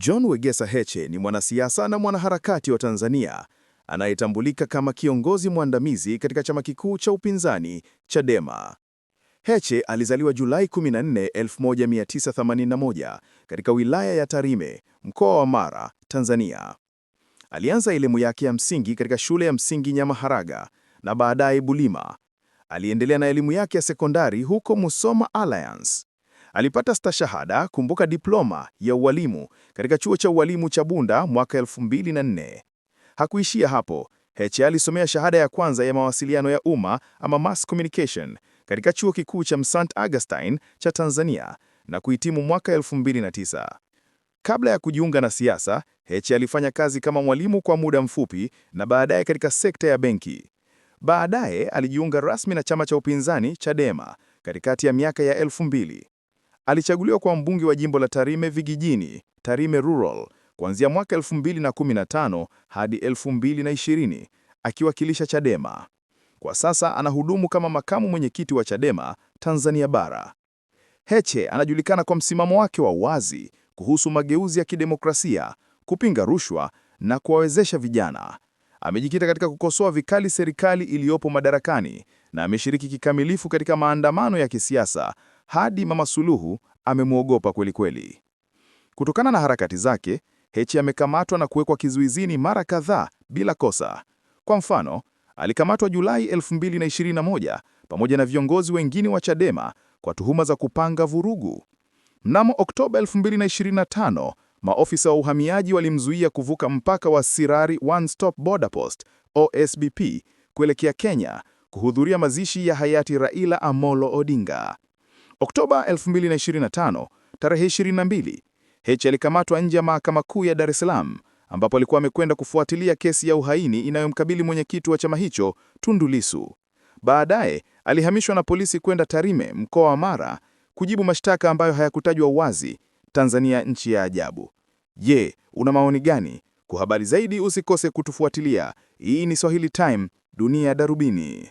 John Wegesa Heche ni mwanasiasa na mwanaharakati wa Tanzania anayetambulika kama kiongozi mwandamizi katika chama kikuu cha upinzani Chadema. Heche alizaliwa Julai 14, 1981 katika wilaya ya Tarime, mkoa wa Mara, Tanzania. Alianza elimu yake ya msingi katika shule ya msingi Nyamaharaga na baadaye Bulima. Aliendelea na elimu yake ya sekondari huko Musoma Alliance. Alipata stashahada kumbuka diploma ya ualimu katika chuo cha ualimu cha Bunda mwaka 2004. Hakuishia hapo. Heche alisomea shahada ya kwanza ya mawasiliano ya umma ama mass communication katika chuo kikuu cha Msant Augustine cha Tanzania na kuhitimu mwaka 2009. Kabla ya kujiunga na siasa, Heche alifanya kazi kama mwalimu kwa muda mfupi na baadaye katika sekta ya benki. Baadaye alijiunga rasmi na chama cha upinzani Chadema katikati ya miaka ya 2000. Alichaguliwa kwa mbunge wa jimbo la Tarime Vijijini, Tarime Rural, kuanzia mwaka 2015 hadi 2020 akiwakilisha Chadema. Kwa sasa anahudumu kama makamu mwenyekiti wa Chadema Tanzania Bara. Heche anajulikana kwa msimamo wake wa wazi kuhusu mageuzi ya kidemokrasia, kupinga rushwa na kuwawezesha vijana. Amejikita katika kukosoa vikali serikali iliyopo madarakani na ameshiriki kikamilifu katika maandamano ya kisiasa hadi Mama Suluhu amemwogopa kwelikweli. Kutokana na harakati zake, Heche amekamatwa na kuwekwa kizuizini mara kadhaa bila kosa. Kwa mfano, alikamatwa Julai 2021 pamoja na viongozi wengine wa Chadema kwa tuhuma za kupanga vurugu. Mnamo Oktoba 2025, maofisa wa uhamiaji walimzuia kuvuka mpaka wa Sirari One Stop Border Post OSBP kuelekea Kenya kuhudhuria mazishi ya hayati Raila Amolo Odinga. Oktoba 2025, tarehe 22, H alikamatwa nje ya Mahakama Kuu ya Dar es Salaam ambapo alikuwa amekwenda kufuatilia kesi ya uhaini inayomkabili mwenyekiti wa chama hicho, Tundu Lissu. Baadaye alihamishwa na polisi kwenda Tarime, mkoa wa Mara, kujibu mashtaka ambayo hayakutajwa wazi. Tanzania, nchi ya ajabu. Je, una maoni gani? Kwa habari zaidi usikose kutufuatilia. Hii ni Swahili Time, Dunia Darubini.